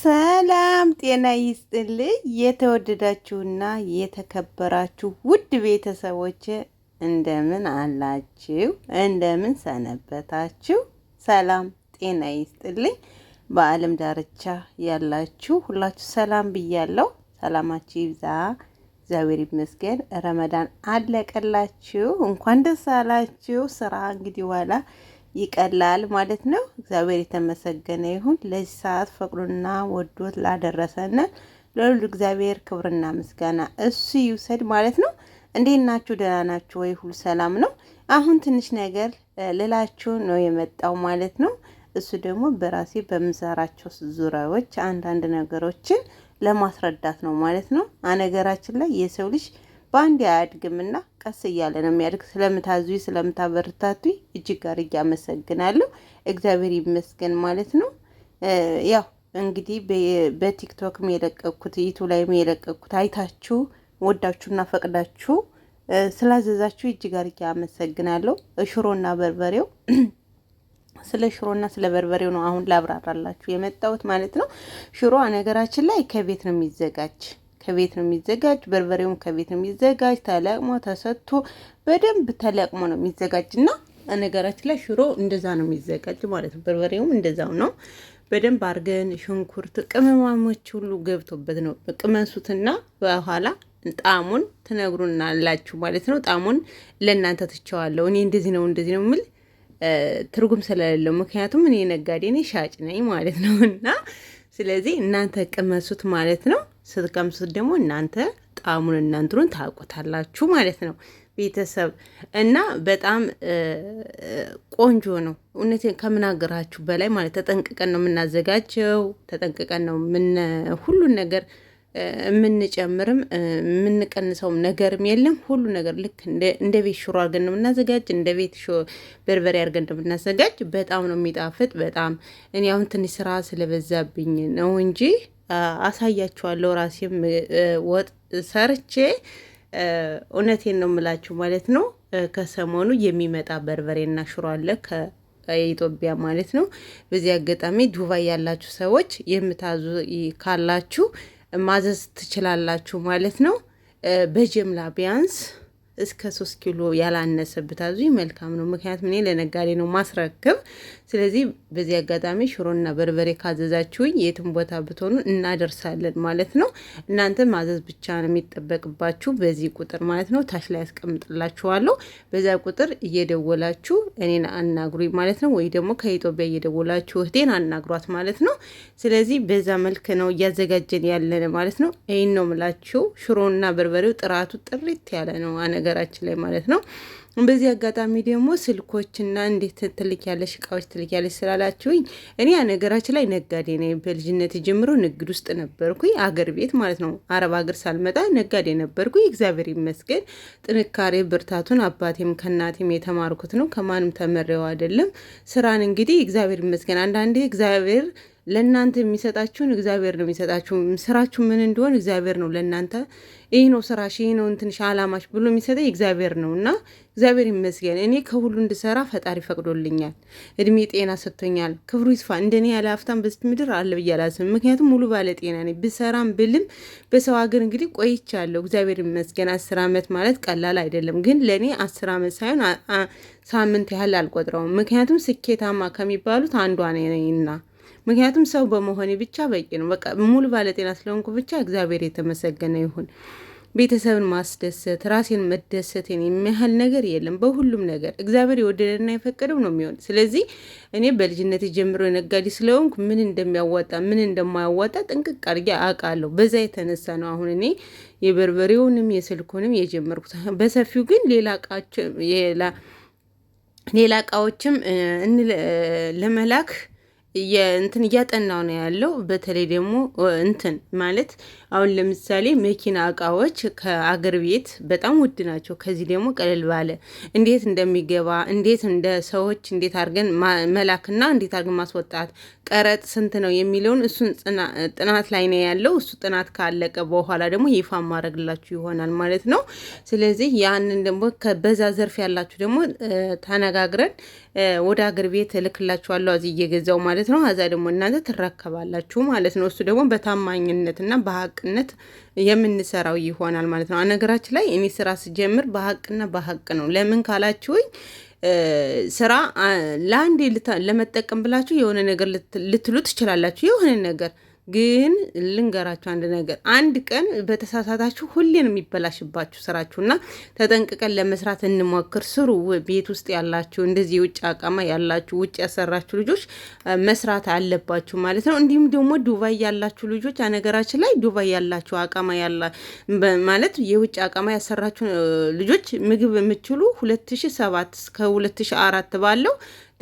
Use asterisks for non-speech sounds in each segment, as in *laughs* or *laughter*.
ሰላም ጤና ይስጥልኝ። የተወደዳችሁና የተከበራችሁ ውድ ቤተሰቦች እንደምን አላችሁ? እንደምን ሰነበታችሁ? ሰላም ጤና ይስጥልኝ። በዓለም ዳርቻ ያላችሁ ሁላችሁ ሰላም ብያለሁ። ሰላማችሁ ይብዛ፣ እግዚአብሔር ይመስገን። ረመዳን አለቀላችሁ፣ እንኳን ደስ አላችሁ። ስራ እንግዲህ በኋላ ይቀላል ማለት ነው። እግዚአብሔር የተመሰገነ ይሁን። ለዚህ ሰዓት ፈቅዶና ወዶት ላደረሰን ለሁሉ እግዚአብሔር ክብርና ምስጋና እሱ ይውሰድ ማለት ነው። እንዴት ናችሁ? ደህና ናችሁ ወይ? ሁሉ ሰላም ነው? አሁን ትንሽ ነገር ልላችሁ ነው የመጣው ማለት ነው። እሱ ደግሞ በራሴ በምሰራቸው ዙሪያዎች አንዳንድ ነገሮችን ለማስረዳት ነው ማለት ነው። አነገራችን ላይ የሰው ልጅ በአንድ አያድግምና ቀስ እያለ ነው የሚያድግ። ስለምታዙ ስለምታበርታቱ እጅግ አድርጌ አመሰግናለሁ። እግዚአብሔር ይመስገን ማለት ነው። ያው እንግዲህ በቲክቶክም የለቀኩት ዩቱብ ላይም የለቀኩት አይታችሁ ወዳችሁና ፈቅዳችሁ ስላዘዛችሁ እጅግ አድርጌ አመሰግናለሁ። ሽሮና በርበሬው *clears throat* ስለ ሽሮና ስለ በርበሬው ነው አሁን ላብራራላችሁ የመጣሁት ማለት ነው። ሽሮ ነገራችን ላይ ከቤት ነው የሚዘጋጅ ከቤት ነው የሚዘጋጅ። በርበሬውም ከቤት ነው የሚዘጋጅ። ተለቅሞ ተሰጥቶ በደንብ ተለቅሞ ነው የሚዘጋጅ እና ነገራችን ላይ ሽሮ እንደዛ ነው የሚዘጋጅ ማለት ነው። በርበሬውም እንደዛው ነው። በደንብ አድርገን ሽንኩርት፣ ቅመማሞች ሁሉ ገብቶበት ነው ቅመሱትና በኋላ ጣሙን ትነግሩናላችሁ ማለት ነው። ጣሙን ለእናንተ ትቸዋለሁ እኔ እንደዚህ ነው እንደዚህ ነው የምል ትርጉም ስለሌለው ምክንያቱም እኔ ነጋዴ ነኝ ሻጭ ነኝ ማለት ነው እና ስለዚህ እናንተ ቅመሱት ማለት ነው። ስትቀምሱት ደግሞ እናንተ ጣዕሙን እናንትሩን ታውቁታላችሁ ማለት ነው ቤተሰብ እና በጣም ቆንጆ ነው። እውነት ከምናገራችሁ በላይ ማለት ተጠንቅቀን ነው የምናዘጋጀው፣ ተጠንቅቀን ነው ሁሉን ነገር የምንጨምርም የምንቀንሰውም ነገርም የለም። ሁሉ ነገር ልክ እንደ ቤት ሽሮ አድርገን ነው የምናዘጋጅ፣ እንደ ቤት በርበሬ አድርገን ነው የምናዘጋጅ። በጣም ነው የሚጣፍጥ። በጣም እኔ አሁን ትንሽ ስራ ስለበዛብኝ ነው እንጂ አሳያችኋለሁ። ራሴም ወጥ ሰርቼ እውነቴን ነው የምላችሁ ማለት ነው። ከሰሞኑ የሚመጣ በርበሬና ሽሮ አለ ከኢትዮጵያ ማለት ነው። በዚህ አጋጣሚ ዱባይ ያላችሁ ሰዎች የምታዙ ካላችሁ ማዘዝ ትችላላችሁ ማለት ነው። በጀምላ ቢያንስ እስከ ሶስት ኪሎ ያላነሰ ብታዙ መልካም ነው። ምክንያቱም እኔ ለነጋዴ ነው ማስረክብ ስለዚህ በዚህ አጋጣሚ ሽሮና በርበሬ ካዘዛችሁኝ የትም ቦታ ብትሆኑ እናደርሳለን ማለት ነው። እናንተ ማዘዝ ብቻ ነው የሚጠበቅባችሁ በዚህ ቁጥር ማለት ነው። ታች ላይ ያስቀምጥላችኋለሁ። በዚያ ቁጥር እየደወላችሁ እኔን አናግሩ ማለት ነው። ወይ ደግሞ ከኢትዮጵያ እየደወላችሁ እህቴን አናግሯት ማለት ነው። ስለዚህ በዛ መልክ ነው እያዘጋጀን ያለን ማለት ነው። ይህን ነው ምላችሁ። ሽሮና በርበሬው ጥራቱ ጥሪት ያለ ነው። በነገራችን ላይ ማለት ነው። በዚህ አጋጣሚ ደግሞ ስልኮችና እንዴት ትልቅ ያለሽ እቃዎች ትልቅ ያለሽ ስላላችሁኝ እኔ ነገራችን ላይ ነጋዴ ነኝ። በልጅነት ጀምሮ ንግድ ውስጥ ነበርኩኝ፣ አገር ቤት ማለት ነው። አረብ ሀገር ሳልመጣ ነጋዴ ነበርኩኝ። እግዚአብሔር ይመስገን ጥንካሬ ብርታቱን አባቴም ከእናቴም የተማርኩት ነው። ከማንም ተመሪው አይደለም። ስራን እንግዲህ እግዚአብሔር ይመስገን አንዳንዴ እግዚአብሔር ለእናንተ የሚሰጣችሁን እግዚአብሔር ነው የሚሰጣችሁ። ስራችሁ ምን እንደሆን እግዚአብሔር ነው ለእናንተ ይህ ነው ስራሽ፣ ይህ ነው እንትንሽ፣ አላማሽ ብሎ የሚሰጠኝ እግዚአብሔር ነው እና እግዚአብሔር ይመስገን። እኔ ከሁሉ እንድሰራ ፈጣሪ ፈቅዶልኛል። እድሜ ጤና ሰጥቶኛል። ክብሩ ይስፋ። እንደኔ ያለ ሀብታም በስት ምድር አለ ብዬ አላስብም። ምክንያቱም ሙሉ ባለ ጤና ነኝ። ብሰራም ብልም በሰው ሀገር እንግዲህ ቆይቻለሁ። እግዚአብሔር ይመስገን። አስር አመት ማለት ቀላል አይደለም፣ ግን ለእኔ አስር አመት ሳይሆን ሳምንት ያህል አልቆጥረውም። ምክንያቱም ስኬታማ ከሚባሉት አንዷ ነኝና ምክንያቱም ሰው በመሆኔ ብቻ በቂ ነው። በቃ ሙሉ ባለጤና ስለሆንኩ ብቻ እግዚአብሔር የተመሰገነ ይሁን። ቤተሰብን ማስደሰት፣ ራሴን መደሰትን የሚያህል ነገር የለም። በሁሉም ነገር እግዚአብሔር የወደደና የፈቀደው ነው የሚሆን። ስለዚህ እኔ በልጅነት ጀምሮ ነጋዴ ስለሆንኩ ምን እንደሚያዋጣ ምን እንደማያዋጣ ጥንቅቅ አድርጌ አውቃለሁ። በዛ የተነሳ ነው አሁን እኔ የበርበሬውንም የስልኩንም የጀመርኩት። በሰፊው ግን ሌላ ሌላ እቃዎችም ለመላክ እንትን እያጠናው ነው ያለው። በተለይ ደግሞ እንትን ማለት አሁን ለምሳሌ መኪና እቃዎች ከአገር ቤት በጣም ውድ ናቸው። ከዚህ ደግሞ ቀለል ባለ እንዴት እንደሚገባ እንዴት እንደ ሰዎች እንዴት አድርገን መላክና እንዴት አድርገን ማስወጣት ቀረጥ ስንት ነው የሚለውን እሱን ጥናት ላይ ነው ያለው። እሱ ጥናት ካለቀ በኋላ ደግሞ ይፋ ማድረግላችሁ ይሆናል ማለት ነው። ስለዚህ ያንን ደግሞ በዛ ዘርፍ ያላችሁ ደግሞ ተነጋግረን ወደ አገር ቤት እልክላችኋለሁ እዚህ እየገዛው ማለት ማለት ነው። አዛ ደግሞ እናንተ ትረከባላችሁ ማለት ነው። እሱ ደግሞ በታማኝነትና በሀቅነት የምንሰራው ይሆናል ማለት ነው። ነገራችን ላይ እኔ ስራ ስጀምር በሀቅና በሀቅ ነው። ለምን ካላችሁኝ ስራ ለአንዴ ለመጠቀም ብላችሁ የሆነ ነገር ልትሉ ትችላላችሁ የሆነ ነገር ግን ልንገራችሁ አንድ ነገር፣ አንድ ቀን በተሳሳታችሁ ሁሌን የሚበላሽባችሁ ስራችሁና ተጠንቅቀን ለመስራት እንሞክር። ስሩ። ቤት ውስጥ ያላችሁ እንደዚህ የውጭ አቃማ ያላችሁ ውጭ ያሰራችሁ ልጆች መስራት አለባችሁ ማለት ነው። እንዲሁም ደግሞ ዱባይ ያላችሁ ልጆች አነገራችን ላይ ዱባይ ያላችሁ አቃማ ያላ ማለት የውጭ አቃማ ያሰራችሁ ልጆች ምግብ የምችሉ ሁለት ሺ ሰባት እስከ ሁለት ሺ አራት ባለው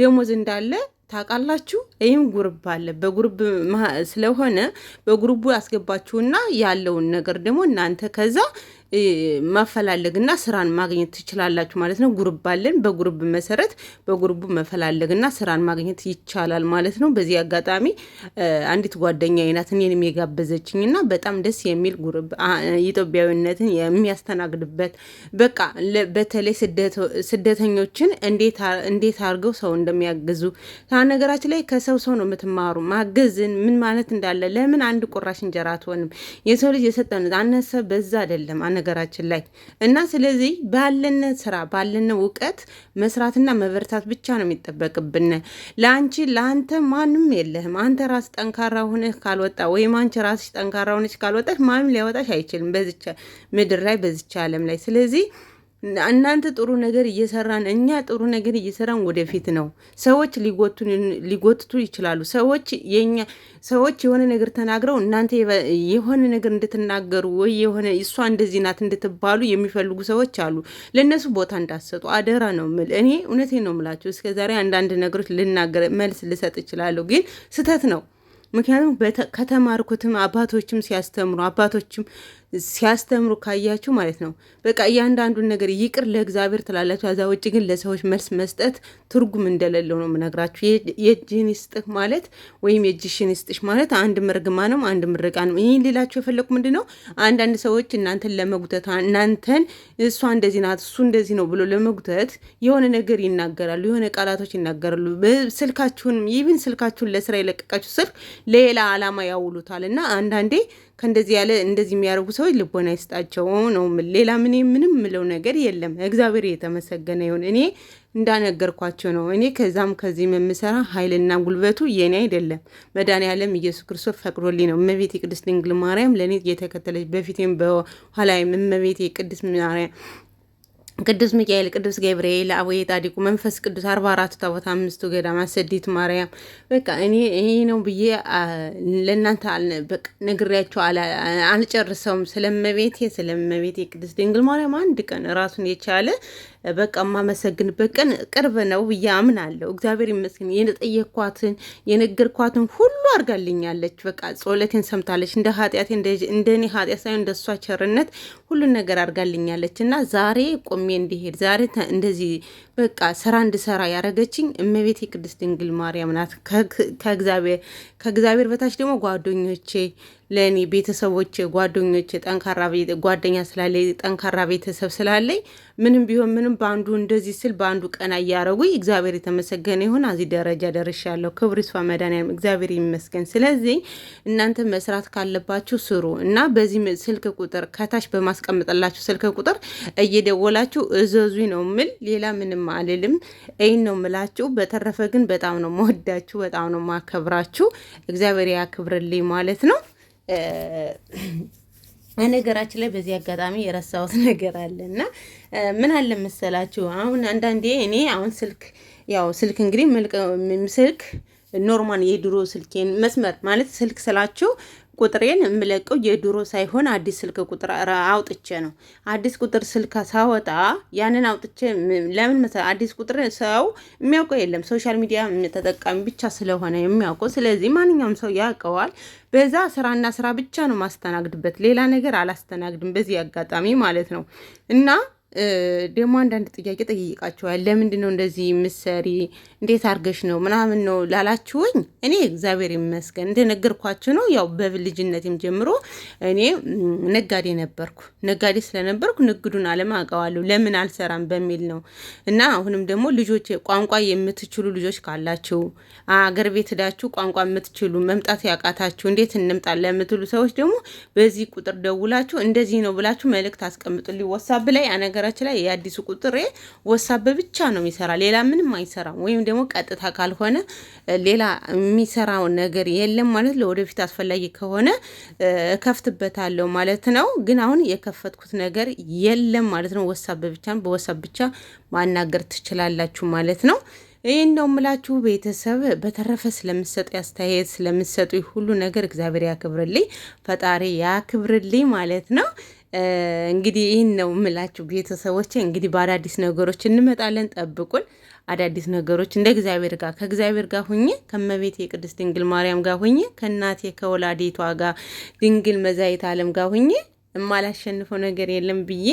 ደሞዝ እንዳለ ታውቃላችሁ። ይህም ጉርብ አለ። በጉርብ ስለሆነ በጉርቡ ያስገባችሁና ያለውን ነገር ደግሞ እናንተ ከዛ መፈላለግና ስራን ማግኘት ትችላላችሁ ማለት ነው። ጉርብ አለን። በጉርብ መሰረት በጉርቡ መፈላለግና ስራን ማግኘት ይቻላል ማለት ነው። በዚህ አጋጣሚ አንዲት ጓደኛ ናት እኔንም የጋበዘችኝና በጣም ደስ የሚል ጉርብ ኢትዮጵያዊነትን የሚያስተናግድበት በቃ በተለይ ስደተኞችን እንዴት አድርገው ሰው እንደሚያግዙ ነገራችን ላይ ከሰው ሰው ነው የምትማሩ ማገዝን ምን ማለት እንዳለ ለምን አንድ ቁራሽ እንጀራ አትሆንም የሰው ልጅ የሰጠን አነሰ በዛ አይደለም በነገራችን ላይ እና ስለዚህ ባለን ስራ ባለን እውቀት መስራትና መበርታት ብቻ ነው የሚጠበቅብን። ለአንቺ ለአንተ ማንም የለህም። አንተ ራስ ጠንካራ ሆነህ ካልወጣ ወይም አንቺ ራስሽ ጠንካራ ሆነች ካልወጣች ማንም ሊያወጣሽ አይችልም በዚች ምድር ላይ በዚች ዓለም ላይ ስለዚህ እናንተ ጥሩ ነገር እየሰራን እኛ ጥሩ ነገር እየሰራን ወደፊት ነው። ሰዎች ሊጎትቱ ይችላሉ። ሰዎች የኛ ሰዎች የሆነ ነገር ተናግረው እናንተ የሆነ ነገር እንድትናገሩ ወይ የሆነ እሷ እንደዚህ ናት እንድትባሉ የሚፈልጉ ሰዎች አሉ። ለእነሱ ቦታ እንዳሰጡ አደራ ነው ምል። እኔ እውነቴ ነው ምላቸው። ዛሬ አንዳንድ ነገሮች ልናገር መልስ ልሰጥ እችላለሁ፣ ግን ስተት ነው። ምክንያቱም ከተማርኩትም አባቶችም ሲያስተምሩ አባቶችም ሲያስተምሩ ካያችሁ ማለት ነው። በቃ እያንዳንዱን ነገር ይቅር ለእግዚአብሔር ትላላችሁ። ከዛ ውጭ ግን ለሰዎች መልስ መስጠት ትርጉም እንደሌለው ነው የምነግራችሁ። የእጅህን ይስጥህ ማለት ወይም የእጅሽን ይስጥሽ ማለት አንድ ነው፣ አንድ ምርቃ ነው። ይህን ሌላቸው የፈለግኩ ምንድን ነው አንዳንድ ሰዎች እናንተን ለመጉተት እናንተን እሷ እንደዚህ ናት እሱ እንደዚህ ነው ብሎ ለመጉተት የሆነ ነገር ይናገራሉ፣ የሆነ ቃላቶች ይናገራሉ። ስልካችሁን ይብን ስልካችሁን ለስራ የለቀቃችሁ ስልክ ሌላ አላማ ያውሉታል እና አንዳንዴ ከእንደዚህ ያለ እንደዚህ የሚያደርጉ ሰዎች ልቦና ይስጣቸው ነው። ሌላ ምን ምንም ምለው ነገር የለም። እግዚአብሔር የተመሰገነ ይሁን። እኔ እንዳነገርኳቸው ነው። እኔ ከዛም ከዚህም የምሰራ ኃይልና ጉልበቱ የኔ አይደለም፣ መድኃኔዓለም ኢየሱስ ክርስቶስ ፈቅዶልኝ ነው። እመቤቴ ቅድስት ድንግል ማርያም ለእኔ እየተከተለች በፊቴም በኋላ እመቤት ቅድስት ማርያም ቅዱስ ሚካኤል፣ ቅዱስ ገብርኤል፣ አቡዬ ጣዲቁ፣ መንፈስ ቅዱስ አርባ አራቱ ታቦት፣ አምስቱ ገዳማት፣ ሰዲት ማርያም። በቃ እኔ ይሄ ነው ብዬ ለእናንተ ነግሬያቸው አልጨርሰውም። ስለመቤቴ ስለመቤቴ ቅድስት ድንግል ማርያም አንድ ቀን ራሱን የቻለ በቃ የማመሰግንበት ቀን ቅርብ ነው ብዬ አምናለሁ። እግዚአብሔር ይመስገን። የጠየኳትን የነገርኳትን ሁሉ አድርጋልኛለች። በቃ ጸሎቴን ሰምታለች። እንደ ኃጢአቴ እንደ እኔ ኃጢአት ሳይሆን እንደ እሷ ቸርነት ሁሉን ነገር አድርጋልኛለች እና ዛሬ ቆሜ እንዲሄድ ዛሬ እንደዚህ በቃ ስራ እንድሰራ ያደረገችኝ እመቤቴ ቅድስት ድንግል ማርያም ናት። ከእግዚአብሔር በታች ደግሞ ጓደኞቼ ለእኔ ቤተሰቦቼ ጓደኞቼ ጠንካራ ጓደኛ ስላለኝ ጠንካራ ቤተሰብ ስላለኝ ምንም ቢሆን ምንም በአንዱ እንደዚህ ስል በአንዱ ቀና እያረጉኝ እግዚአብሔር የተመሰገነ ይሁን። እዚህ ደረጃ ደርሻለሁ። ክብር ይስፋ መድኃኒዓለም እግዚአብሔር ይመስገን። ስለዚህ እናንተ መስራት ካለባችሁ ስሩ እና በዚህ ስልክ ቁጥር ከታች በማስቀምጠላችሁ ስልክ ቁጥር እየደወላችሁ እዘዙ ነው ምል። ሌላ ምንም አልልም። ይህን ነው ምላችሁ። በተረፈ ግን በጣም ነው መወዳችሁ፣ በጣም ነው ማከብራችሁ። እግዚአብሔር ያክብርልኝ ማለት ነው። በነገራችን ላይ በዚህ አጋጣሚ የረሳሁት *laughs* ነገር አለ እና ምን አለ መሰላችሁ፣ አሁን አንዳንዴ እኔ አሁን ስልክ ያው ስልክ እንግዲህ ስልክ ኖርማል የድሮ ስልኬን መስመር ማለት ስልክ ስላችሁ ቁጥሬን የምለቀው የድሮ ሳይሆን አዲስ ስልክ ቁጥር አውጥቼ ነው። አዲስ ቁጥር ስልክ ሳወጣ ያንን አውጥቼ ለምን መሰለህ? አዲስ ቁጥር ሰው የሚያውቀው የለም። ሶሻል ሚዲያ ተጠቃሚ ብቻ ስለሆነ የሚያውቀው። ስለዚህ ማንኛውም ሰው ያውቀዋል። በዛ ስራና ስራ ብቻ ነው ማስተናግድበት፣ ሌላ ነገር አላስተናግድም። በዚህ አጋጣሚ ማለት ነው እና ደግሞ አንዳንድ ጥያቄ ጠይቃቸዋል። ለምንድን ነው እንደዚህ ምሰሪ እንዴት አድርገሽ ነው ምናምን ነው ላላችሁኝ እኔ እግዚአብሔር ይመስገን እንደነገርኳችሁ ነው። ያው በልጅነትም ጀምሮ እኔ ነጋዴ ነበርኩ። ነጋዴ ስለነበርኩ ንግዱን ዓለም አውቀዋለሁ። ለምን አልሰራም በሚል ነው እና አሁንም ደግሞ ልጆች ቋንቋ የምትችሉ ልጆች ካላችሁ አገር ቤት ሄዳችሁ ቋንቋ የምትችሉ መምጣት ያቃታችሁ እንዴት እንምጣ ለምትሉ ሰዎች ደግሞ በዚህ ቁጥር ደውላችሁ እንደዚህ ነው ብላችሁ መልእክት አስቀምጡልኝ። ወሳብ ላይ አነገራችን ላይ የአዲሱ ቁጥር ወሳብ ብቻ ነው የሚሰራ ሌላ ምንም አይሰራም። ወይም ደግሞ ቀጥታ ካልሆነ ሌላ የሚሰራው ነገር የለም ማለት ለወደፊት አስፈላጊ ከሆነ እከፍትበታለሁ ማለት ነው። ግን አሁን የከፈትኩት ነገር የለም ማለት ነው። ወሳብ ብቻ በወሳብ ብቻ ማናገር ትችላላችሁ ማለት ነው። ይህን ነው የምላችሁ ቤተሰብ። በተረፈ ስለምሰጡ አስተያየት ስለምሰጡ ሁሉ ነገር እግዚአብሔር ያክብርልኝ፣ ፈጣሪ ያክብርልኝ ማለት ነው። እንግዲህ ይህን ነው የምላችሁ ቤተሰቦች። እንግዲህ በአዳዲስ ነገሮች እንመጣለን፣ ጠብቁን። አዳዲስ ነገሮች እንደ እግዚአብሔር ጋር ከእግዚአብሔር ጋር ሁኜ ከመቤቴ ቅድስት ድንግል ማርያም ጋር ሁኜ ከእናቴ ከወላዲቷ ጋር ድንግል መዛይት ዓለም ጋር ሁኜ የማላሸንፈው ነገር የለም ብዬ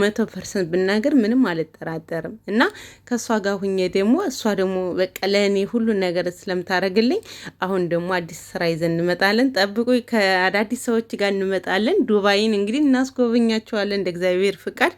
መቶ ፐርሰንት ብናገር ምንም አልጠራጠርም። እና ከእሷ ጋር ሁኜ ደግሞ እሷ ደግሞ በቃ ለእኔ ሁሉ ነገር ስለምታደርግልኝ አሁን ደግሞ አዲስ ስራ ይዘን እንመጣለን። ጠብቁ፣ ከአዳዲስ ሰዎች ጋር እንመጣለን። ዱባይን እንግዲህ እናስጎበኛቸዋለን እንደ እግዚአብሔር ፍቃድ።